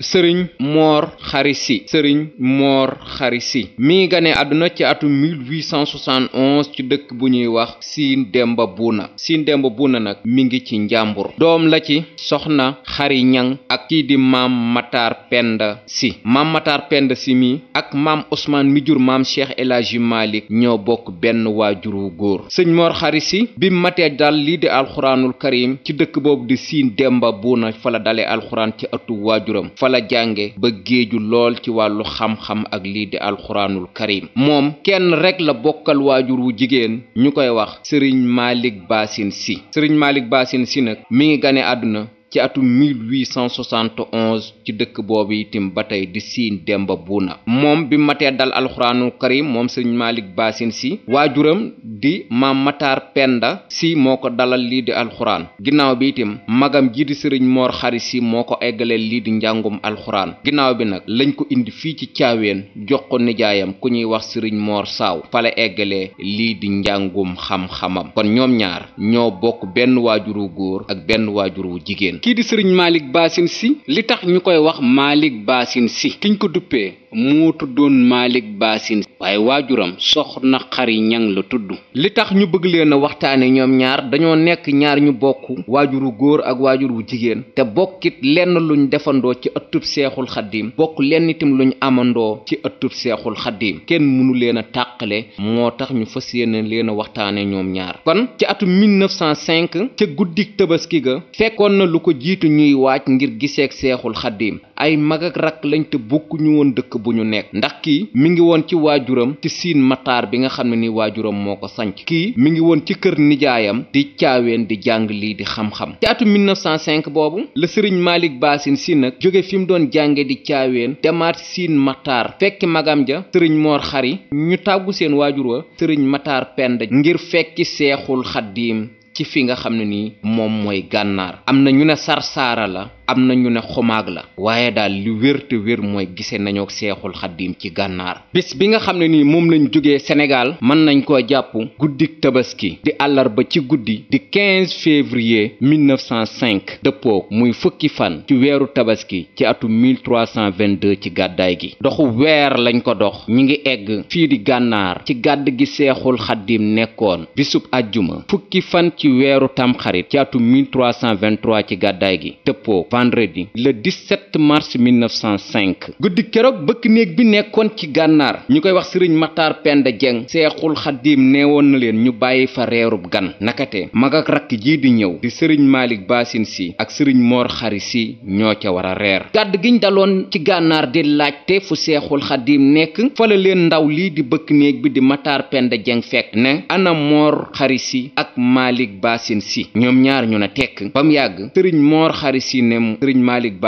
sëriñ moor xari sëriñ moor xari si mi gane àdduna ci atu 1871 ci dëkk bu ñuy wax siin demba buuna siin demba buuna nag mi ngi ci njàmbur doom la ci soxna xari ak kii di maam mataar penda si maam mataar penda si mi ak maam Ousmane mi jur maam cheikh El Hadji Malick ñoo bokk benn waajur wu góor sëñ moor xari si bi matee dal lii di alxuraanul karim ci dëkk boobu di siin demba buuna fa la dalee alxuraan ci atu waajuram la jànge ba géeju lool ci wàllu xam-xam ak lii di alxuraanul karim moom kenn rek la bokkal waajur wu jigéen ñu koy wax sëriñ Malick Bassine si sëriñ Malick Bassine si nag mi ngi gane àdduna ci atum 1871 ci dëkk boobu itam ba tey di siin Demba na moom bi matee dal alxuraanul karim moom sëriñ Malick Basin si waajuram di maam Matar Penda si moo ko dalal lii di alxuraan ginnaaw bi itam magam ji di sëriñ moor Xari si moo ko eggaleel lii di njàngum alxuraan ginnaaw bi nag lañ ko indi fii ci caaween jox ko nijaayam ku ñuy wax sëriñ moor Saaw fale eggalee lii di njàngum xam-xamam kon ñoom ñaar ñoo bokk benn waajuru góor ak benn waajuru jigéen kii di sëriñ Malick Bassine si li tax ñu koy wax Malick Bassine si kiñ ko duppee moo tuddoon Malick baasin waaye waajuram soxna xari ñang la tudd li tax ñu bëgg leen a waxtaane ñoom ñaar dañoo nekk ñaar ñu bokk waajuru góor ak waajur wu jigéen te bokkit lenn luñ defandoo ci ëttub seexul xaddiim bokk lenn itam luñ amandoo ci ëttub seexul xaddiim kenn mënu leen a tàqale moo tax ñu fas yéene leen a waxtaane ñoom ñaar kon ci atum 1905 ca guddik tabaski ga fekkoon na lu ko jiitu ñuy waaj ngir giseek seexul xaddiim ay mag ak rak lañ te bokkuñu woon dëkk bu ñu nekk ndax kii mi ngi woon ci waajuram ci siin mataar bi nga xam ne ni waajuram moo ko sanc kii mi ngi woon ci kër nijaayam di caaween di jàng lii di xam-xam ci atum 1905 boobu la sëriñ Malick Bassine si nag jóge fi mu doon jànge di caaween demaat siin mataar fekki magam ja sëriñ Mor Xari ñu tàggu seen waajur wa sëriñ mataar pend ngir fekki seexul xaddiim ci fi nga xam ne nii moom mooy gànnaar am na ñu ne sarsaara la am na ñu ne xomaag la waaye daal li wér te wér mooy gisee nañoo seexul xaddiim ci gànnaar bis bi nga xam ne nii moom lañ jógee Sénégal mën nañ koo jàpp guddik tabaski di ba ci guddi di 15 février 1905 dëppoo muy fukki fan ci weeru tabaski ci atu 1322 ci gàddaay gi doxu weer lañ ko dox ñi ngi egg fii di gànnaar ci gàdd gi seexul xaddiim nekkoon bisub àjjuma fukki fan ci weeru tamxarit ci atu 1323 ci gàddaay gi dëppoo vendredi le 17 mars 1905 guddi keroog bëkk néeg bi nekkoon ci gànnaar ñu koy wax sëriñ Matar Penda Dieng seexul xaddiim woon na leen ñu bàyyi fa reerub gan nakate mag ak rakk jii di ñëw di sëriñ Malick Bassine si ak sëriñ moor Xari si ñoo ca war a reer gàdd giñ daloon ci gànnaar di laajte fu seexul xaddiim nekk fa la leen ndaw lii di bëkk néeg bi di Matar Penda Dieng fekk ne ana Mor Xari si ak Malick Bassine si ñoom ñaar ñu ne tekk bam yàgg sëriñ Mor Xari ne problème sëriñ Malick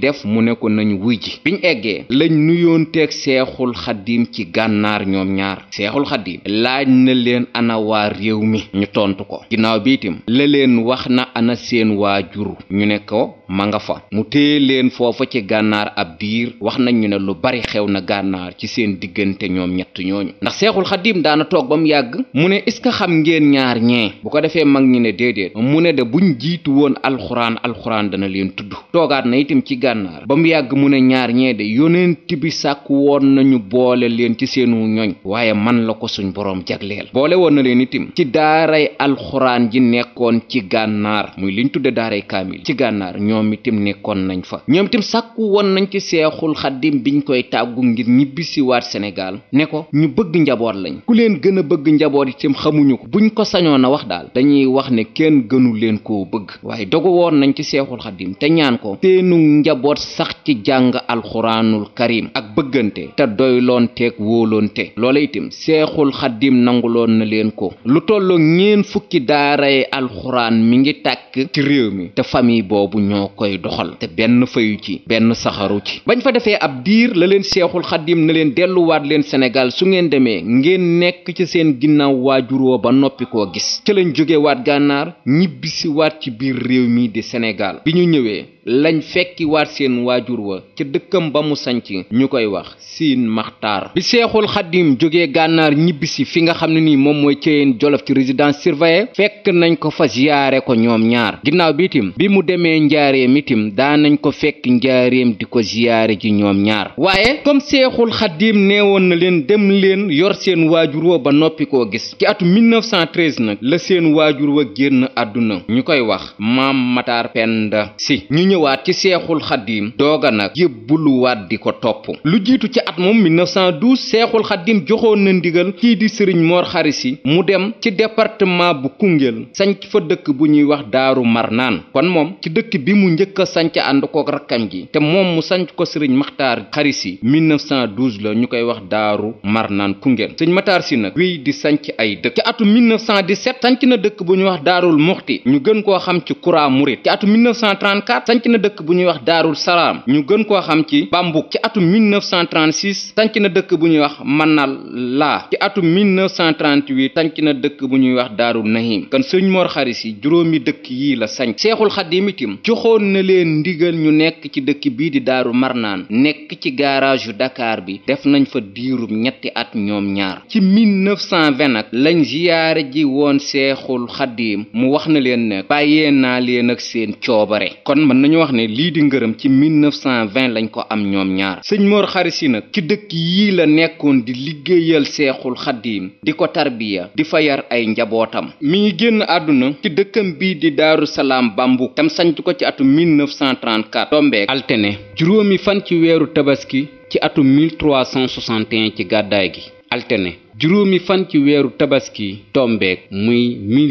def mu ne ko nañu wuy bi ñu eggee lañ nuyoon teeg seexul xaddiim ci gànnaar ñoom ñaar seexul xaddiim laaj na leen ana waa réew mi ñu tontu ko ginnaaw bi itam la leen wax na ana seen waajur ñu ne ko ma fa mu téye leen foofa ci gànnaar ab diir wax nañ ñu ne lu bari xew na gànnaar ci seen diggante ñoom ñett ñooñu ndax seexul xaddiim daana toog ba mu yàgg mu ne est xam ngeen ñaar ñee bu ko defee mag ñi ne déedéet mu ne de buñ jiitu woon alxuraan alxuraan alxuraan dana leen tudd toogaat na itam ci gànnaar ba mu yàgg mu ne ñaar ñee de yonent bi sàkk woon nañu boole leen ci seenu ñoñ waaye man la ko suñ boroom jagleel boole woon na leen itam ci daaray alxuraan ji nekkoon ci gànnaar muy li liñ tudde daaray kaamil ci gànnaar ñoom itam nekkoon nañ fa ñoom itam sàkku woon nañ ci seexul xaddim biñ koy tàggu ngir ñibbisi waat Sénégal ne ko ñu bëgg njaboot lañ ku leen gën a bëgg njaboot itam xamuñu ko buñ ko sañoon a wax daal dañuy wax ne kenn gënu leen koo bëgg am nañ ci seexul xadim te ñaan ko nu njaboot sax ci jàng alxuraanul karim ak bëggante te doyloonteeg wóoloonte loola itam seexul xadim nanguloon na leen ko lu tolloo ngeen fukki daaray alxuraan mi ngi tàkk ci réew mi te famille boobu ñoo koy doxal te benn fayu ci benn saxaru ci bañ fa defee ab diir la leen seexul xadim na leen delluwaat leen Sénégal su ngeen demee ngeen nekk ci seen ginnaaw waajur woo ba noppi koo gis ci lañ jógewaat gànnaar ñibbisiwaat réew mi Sénégal bi ñu ñëwee lañ fekki waat seen waajur wa ca dëkkam ba mu sanc ñu koy wax siin maxtaar bi seexul xaddim jóge gànnaar ñibbisi fi nga xam ne nii moom mooy cëyeen jolof ci résidence surveillée fekk nañ ko fa ziyaare ko ñoom ñaar ginnaaw bi itam bi mu demee njaareem itim daa nañ ko fekk njaareem di ko ziyaare ji ñoom ñaar waaye comme seexul xaddim woon na leen dem leen yor seen waajur wa ba noppi koo gis ci atu 1913 nag la seen waajur wa génn àdduna ñu koy wax maam mataar ñëwaat ci seexul xaddiim dooga nag yëbbuluwaat di ko topp lu jiitu ci at moom 1912 seexul xaddiim joxoon na ndigal kii di sëriñ Mor Xari Si mu dem ci département bu Koungheul sanc fa dëkk bu ñuy wax Daaru Marnaan kon moom ci dëkk bi mu njëkk a sanc ànd ko rakkam ji te moom mu sanc ko sëriñ Maxtaar Xari Si 1912 la ñu koy wax Daaru Marnaan Koungheul sëñ Maxtaar Si nag wéy di sanc ay dëkk ci atu 1917 sanc na dëkk bu ñuy wax Daarul Muxti ñu gën koo xam ci Kura Murit ci atu sanc na dëkk bu ñuy wax daarul salaam ñu gën koo xam ci bambuk ci atum 1936 sanc na dëkk bu ñuy wax mannal laa ci atum 1938 sanc na dëkk bu ñuy wax daarul nahim kon sëñ Mor Xari Si juróomi dëkk yii la sanc seexul xaddim itam joxoon na leen ndigal ñu nekk ci dëkk bii di daarul marnaan nekk ci garage yu Dakar bi def nañ fa diirum ñetti at ñoom ñaar ci 1920 nag lañ ziyaare ji woon seexul xaddim mu wax na leen ne bàyyee naa leen ak seen coobare kon nañu wax ne lii di ngërëm ci 1920 lañ ko am ñoom ñaar sëñ moor Xari Si nag ci dëkk yii la nekkoon di liggéeyal seexul xaddiim di ko tarbiya di fa yar ay njabootam mi ngi génn àdduna ci dëkkam bii di daaru salaam bambuk tam sanc ko ci atu 1934 tombeek altene juróomi fan ci weeru tabaski ci atu 1361 ci gàddaay gi altene juróomi fan ci weeru tabaski tombeek muy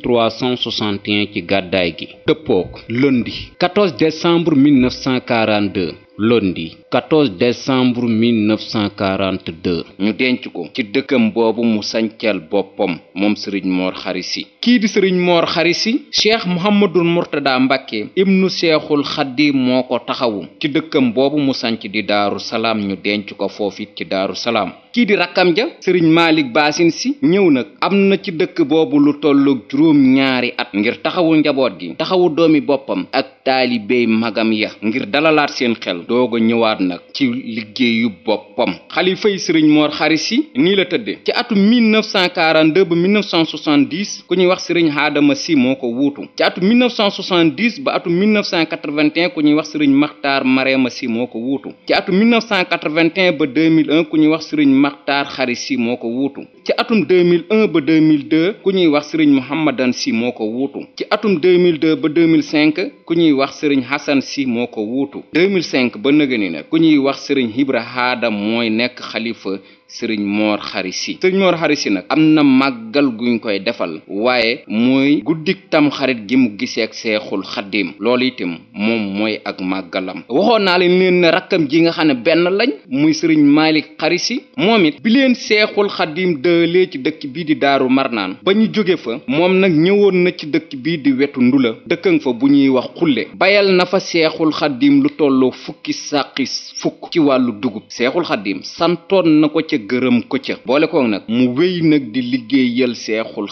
1361 ci gàddaay gi dëppook lundi 14 décembre 1942 lundi 14 décembre 1942 ñu denc ko ci dëkkam boobu mu sancal boppam moom sëriñ Mor Xari Si kii di sëriñ moor xari si cheikh muhammadul murtada mbàkke ibnu seexul xaddim moo ko taxawu ci dëkkam boobu mu sanc di daaru salaam ñu denc ko foofit ci daaru salaam kii di rakkam ja sëriñ maalik baasin si ñëw nag am na ci dëkk boobu lu tollu juróom ñaari at ngir taxawu njaboot gi taxawu doomi boppam ak taalibey magam ya ngir dalalaat seen xel doog a ñëwaat nag ci liggéeyu boppam xalifay sëriñ moor xari si nii la tëdde ci atum ku ñuy wax wax sëriñ Adama Si moo ko wuutu ci atum 1970 ba atum 1981 ku ñuy wax sëriñ Maxtaar Marema Si moo ko wuutu ci atum 1981 ba 2001 ku ñuy wax sëriñ Maxtaar Xari Si moo ko wuutu ci atum 2001 ba 2002 ku ñuy wax sëriñ Mouhamadan Si moo ko wuutu ci atum 2002 ba 2005 ku ñuy wax sëriñ Hassan Si moo ko wuutu 2005 ba nëgëni ne ku ñuy wax sëriñ Ibra Aadam mooy nekk xalifa sëriñ Moor Xari Si sëriñ Moor Xari Si nag am na maggal guñ koy defal waaye waaye mooy guddik tamxarit gi mu gisee ak seexul xaddiim loolu itam moom mooy ak màggalam waxoon naa leen leen ne rakkam ji nga xam ne benn lañ muy sëriñ Malick Xarisi moom it bi leen seexul xaddiim dëlee ci dëkk bii di daaru marnaan ba ñu jóge fa moom nag ñëwoon na ci dëkk bii di wetu ndula dëkkan fa bu ñuy wax xulle bayal na fa seexul xaddiim lu tolloo fukki sàqi fukk ci wàllu dugub seexul xaddiim santoon na ko ca gërëm ko ca boole ko nag mu wéy nag di liggéeyal seexul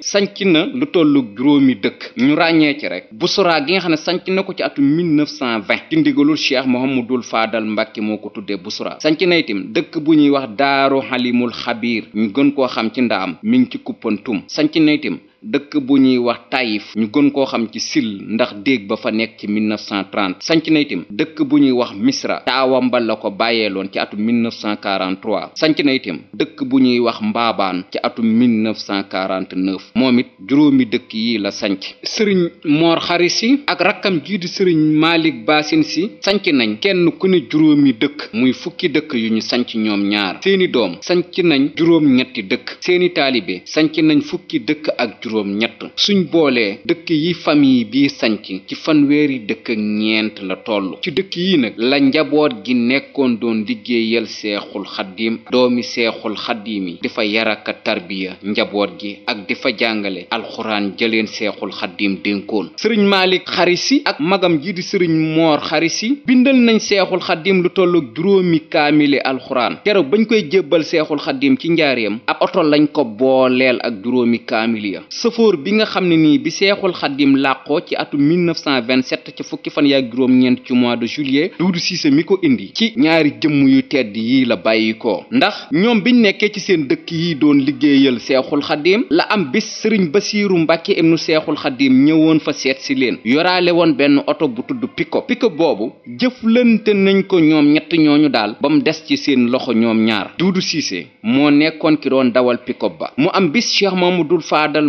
sanc na lu tollu juróomi dëkk ñu ràññee ci rek Boussoura gi nga xam ne sanc na ko ci atum 1920 ci ndigalul mu dul faadal Mbacke moo ko tuddee Boussoura sanc na dëkk bu ñuy wax Daaru Halimul Xabiir ñu gën koo xam ci ndaam mi ngi ci kuppantum sanc na itam dëkk bu ñuy wax Taïf ñu gën koo xam ci sil ndax déeg ba fa nekk ci 1930 sanc na dëkk bu ñuy wax Misra taawam ba la ko bàyyeeloon ci atum 1943 sanc na itam dëkk bu ñuy wax Mbaabaan ci atum 1949 moom it juróomi dëkk yi la sanc sëriñ moor Xari si ak rakkam jii di sëriñ Malick Basin si sanc nañ kenn ku ne juróomi dëkk muy fukki dëkk yu ñu sanc ñoom ñaar seeni doom sanc nañ juróom ñetti dëkk seeni taalibe sanc nañ fukki dëkk ak juróom suñ boolee dëkk yi famille bi sanc ci fanweeri dëkk ak ñeent la toll ci dëkk yi nag la njaboot gi nekkoon doon liggéeyal seexul xaddiim doomi seexul xaddiim yi di fa yaraka tarbiya njaboot gi ak di fa jàngale alxuraan jëleen seexul xaddiim dénkoon sëriñ maalik xarisi ak magam ji di sëriñ moor xarisi bindal nañ seexul xaddiim lu tollu juróomi kaamili alxuraan keroog bañ koy jébbal seexul xaddiim ci njaareem ab oto lañ ko booleel ak juróomi kaamili ya sëfoor bi nga xam ne nii bi seexul xaddim làqoo ci atum 1927 ci fukki fan yaa juróom-ñeent ci mois de juillet Duudu Siise mi ko indi ci ñaari jëmm yu tedd yi la bàyyi ko ndax ñoom biñ nekkee ci seen dëkk yi doon liggéeyal seexul xaddim la am bis sëriñ Basiiru Mbàkke ibnu seexul xaddim ñëwoon fa seet si leen yoraale woon benn oto bu tudd pickup pickup boobu jëflante nañ ko ñoom ñett ñooñu daal ba mu des ci seen loxo ñoom ñaar Duudu Siise moo nekkoon ki doon dawal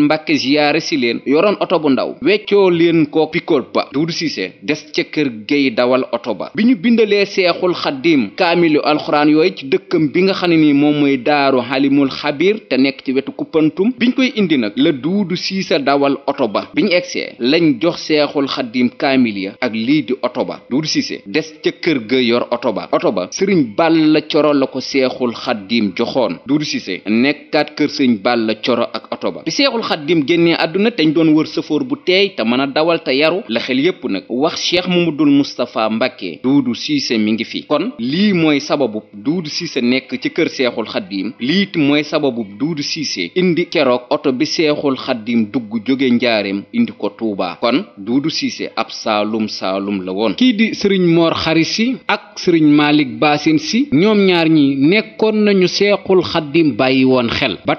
ba mbàkke ziyaare si leen yoroon oto bu ndaw weccoo leen ko pikool ba duudu siise des ca kër géy dawal oto ba bi ñu bindalee seexul xaddim kaamilu alxuraan yooyu ci dëkkam bi nga xam ne ni moom mooy daaru xalimul xabir te nekk ci wetu kuppantum biñ koy indi nag la duudu siise dawal oto ba bi biñ egsee lañ jox seexul xaddim kaamil ya ak lii di oto ba duudu siise des ca kër ga yor oto ba oto ba sëriñ Balla Coro la ko seexul xaddim joxoon duudu siise nekkaat kër sëriñ Balla Coro ak oto ba bi seexul xaddim bi mu génnee àdduna doon wër sëfoor bu teey te mën a dawal te yaru la xel yépp nag wax cheikh mamadul moustapha mbàkke duudu siise mu ngi fi kon lii mooy sababu duudu siise nekk ci kër seexul xaddiim lii mooy sababu duudu siise indi keroog oto bi seexul xaddiim dugg jóge njaareem indi ko tuubaa kon duudu siise ab saalum saalum la woon kii di sëriñ moor xari si ak sëriñ maalik baasin si ñoom ñaar ñi nekkoon nañu seexul xaddiim bàyyi woon xel ba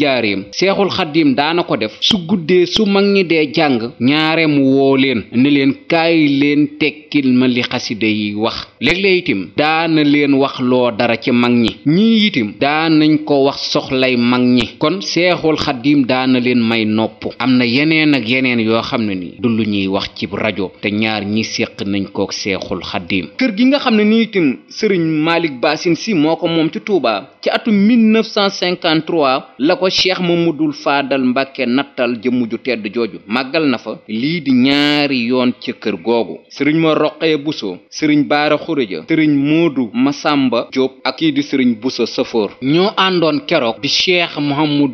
njaareem seexul xaddiim daana ko def su guddee su mag ñi dee jàng ñaare mu woo leen ne leen kaay leen tekkil ma li xasida yi wax léeg-léeg itam daana leen wax loo dara ci mag ñi ñii itam daanañ ko wax soxlay mag ñi kon seexul xaddiim daana leen may nopp am na yeneen ak yeneen yoo xam ne ni du lu ñuy wax ci rajo te ñaar ñi séq nañ kook seexul xaddiim kër gi nga xam ne ni itam sëriñ Malick Bassine si moo ko moom ci Touba ci atum 1953 la ko mu mu dul faadal mbàkke nattal jëmm ju tedd jooju màggal na fa lii di ñaari yoon ci kër googu sëriñ ma roqee buso sëriñ baara xuréja sëriñ moodu masamba jóob ak kii di sëriñ buso safoor ñoo àndoon keroog bi cheikh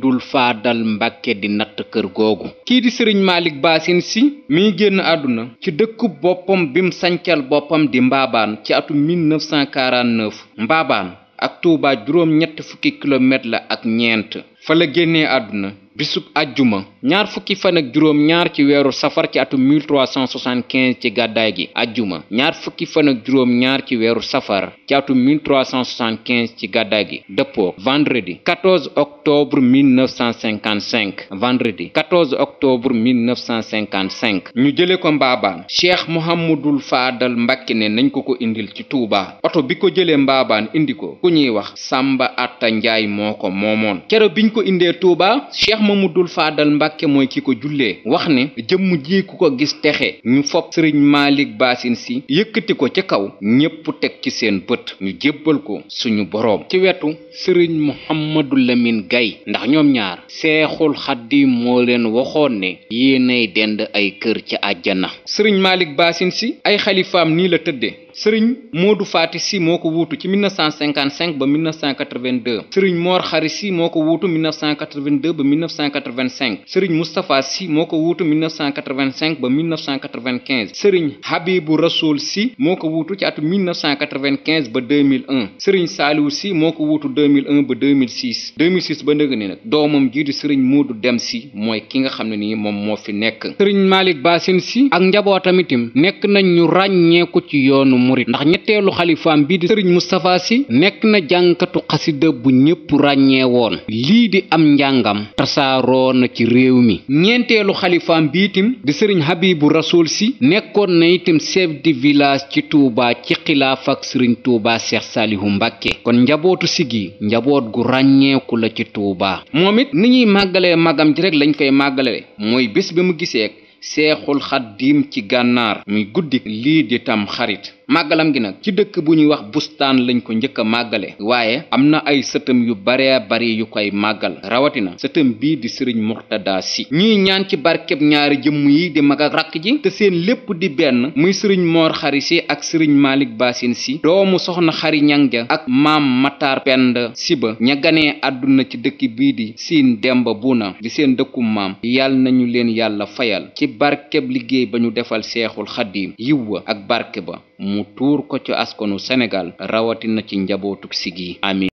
dul faadal mbàkke di natt kër googu kii di sëriñ maalik baasin si mi génn àdduna ci dëkku boppam bim sancal boppam di mbaabaan ci atu 1949 mbaabaan ak Touba juróom ñett fukki kilomètre la ak ñeent fa la génnee àdduna bisub àjjuma ñaar fukki fan ak juróom ñaar ci weeru safar ci atum 1375 ci gàddaay gi ajjuma ñaar fukki fan ak juróom ñaar ci weeru safar ci atum 1375 ci gàddaay gi dëppoo vendredi 14 octobre 1955 vendredi 14 octobre 1955 ñu jële ko mbaabaan cheikh mohamadul faadal mbakki ne nañ ko ko indil ci Touba oto bi ko jëlee mbaabaan indi ko ku ñuy wax sàmba atta njaay moo ko moomoon kero biñ ko indee Touba cheikh mohamadul faadal mbàkke mbàkke mooy ki ko jullee wax ne jëmm ji ku ko gis texe ñu fopp sëriñ maalik baasin si yëkkati ko ci kaw ñépp teg ci seen bët ñu jébbal ko suñu boroom ci wetu sëriñ muhammadu lamin gay ndax ñoom ñaar seexul xaddim moo leen waxoon ne yéenay dend ay kër ci àjjana sëriñ maalik baasin si ay xalifaam nii la tëdde sëriñ Modou Fati Sy moo ko wuutu ci 1955 ba 1982 sëriñ Mor Khary Sy moo ko wuutu 1982 ba 1985 sëriñ Moustapha Sy moo ko wuutu 1985 ba 1995 sëriñ Habibou Rassoul Sy moo ko wuutu ci atu 1995 ba 2001 sëriñ Saliou Sy moo ko wuutu 2001 ba 2006 2006 ba ndëgg ni nag doomam jii di sëriñ Modou Dem Sy mooy ki nga xam ne moom moo fi nekk sëriñ Malick Bassine Sy ak njabootam itam nekk nañ ñu ràññeeku ci yoonu murit ndax ñetteelu xalifaam bii di sëriñ Moustapha si nekk na jànkatu xasida bu ñépp ràññee woon lii di am njàngam tasaaroo na ci réew mi ñeenteelu xalifaam bi itam di sëriñ Habibu rasuul si nekkoon na itam chef di village ci tuuba ci xilaaf ak sëriñ tuuba Seex Saalihu Mbàkke kon njabootu sigi njaboot gu ràññeeku la ci tuuba moom it ni ñuy màggalee magam ji rek lañ koy màggale mooy bés bi mu gisee seexul xaddiim ci gànnaar muy guddi lii di tam xarit màggalam gi nag ci dëkk bu ñuy wax bustaan lañ ko njëkk a màggale waaye am na ay sëtëm yu baree bari yu koy màggal rawatina sëtëm bii di sëriñ Murtada Si ñuy ñaan ci barkeb ñaari jëmm yi di mag rakk ji te seen lépp di benn muy sëriñ Moor Xari Si ak sëriñ Malik Basin Si doomu soxna Xari ja ak maam Matar Pend Si ba ña àdduna ci dëkk bii di Siin Demba na di seen dëkku maam yàlla nañu leen yàlla fayal ci barkeb liggéey ba ñu defal Seexul Xadiim yiw mu tuur ko ci askanu Sénégal rawatina ci njabootuk sigi amin